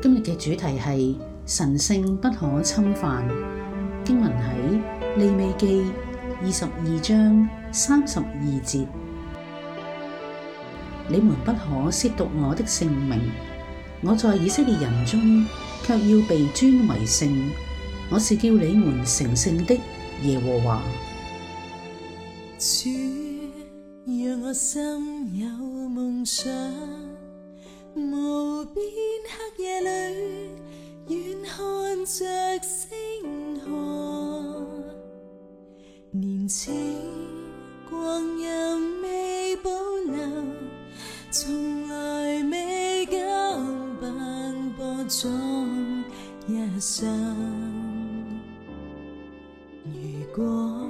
今日嘅主題係神聖不可侵犯，經文喺利未記二十二章三十二節。你們不可褻瀆我的聖名，我在以色列人中卻要被尊為聖，我是叫你們成聖的耶和華。主，讓我心有夢想無邊黑夜裏，遠看著星河。 年少光陰未保留，從 來未夠奔波中一生。 如果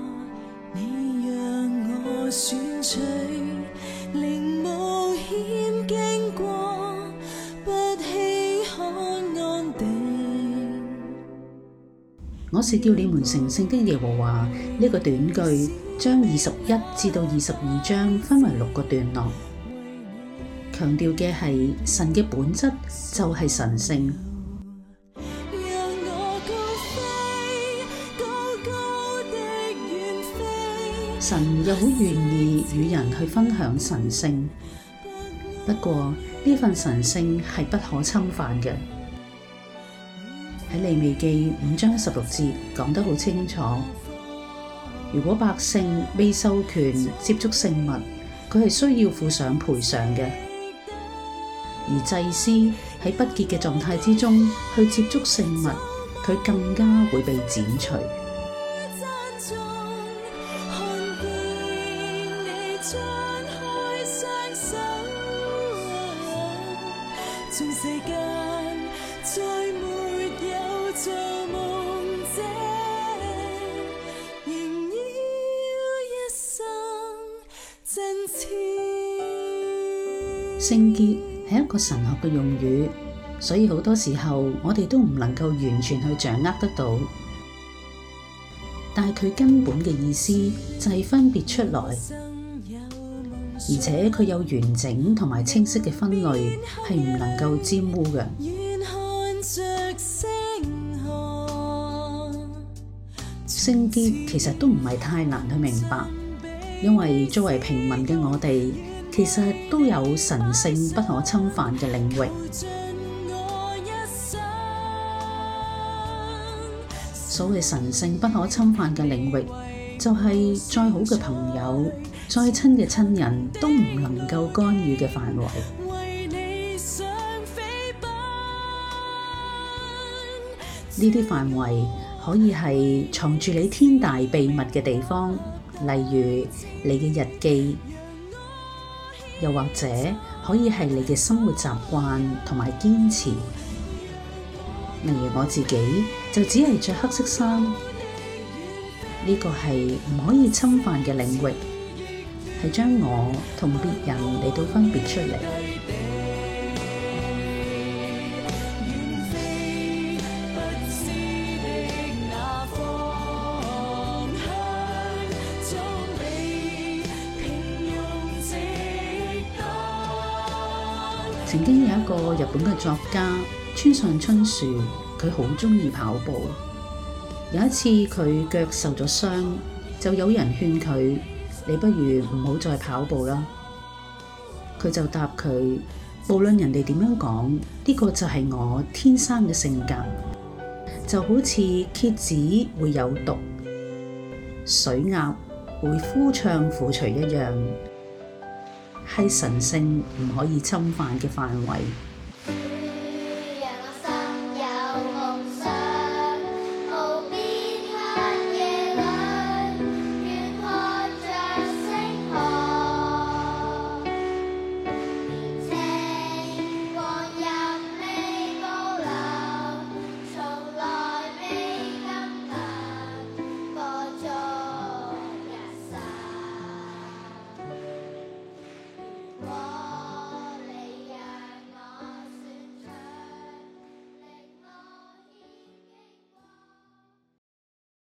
你讓我選取。我是叫你們成聖的耶和華。呢、這個短句將二十一至到二十二章分為六個段落，強調嘅係神嘅本質就係神聖。神又好願意與人去分享神聖，不過呢份神聖係不可侵犯嘅。喺《利未記》五章十六節講得好清楚，如果百姓未授權接觸聖物，佢係需要付上賠償嘅；而祭司喺不潔嘅狀態之中去接觸聖物，佢更加會被剪除。聖潔係一個神學嘅用語，所以好多時候我哋都唔能夠完全去掌握得到。但係佢根本嘅意思就係分別出來，而且佢有完整同埋清晰嘅分類，係唔能夠沾污嘅。聖潔其實都唔係太難去明白，因為作為平民嘅我哋。其實都有神聖不可侵犯嘅領域。所謂神聖不可侵犯嘅領域，就係、是、再好嘅朋友、再親嘅親人都唔能夠干預嘅範圍。呢啲範圍可以係藏住你天大秘密嘅地方，例如你嘅日記。又或者可以係你嘅生活習慣同埋堅持，例如我自己就只係着黑色衫，呢、這個係唔可以侵犯嘅領域，係將我同別人嚟到分別出嚟。曾經有一個日本嘅作家村上春樹，佢好中意跑步。有一次佢腳受咗傷，就有人勸佢：，你不如唔好再跑步啦。佢就答佢：，無論人哋點樣講，呢、這個就係我天生嘅性格。就好似蠍子會有毒，水鴨會呼唱苦錘一樣。係神聖唔可以侵犯嘅範圍。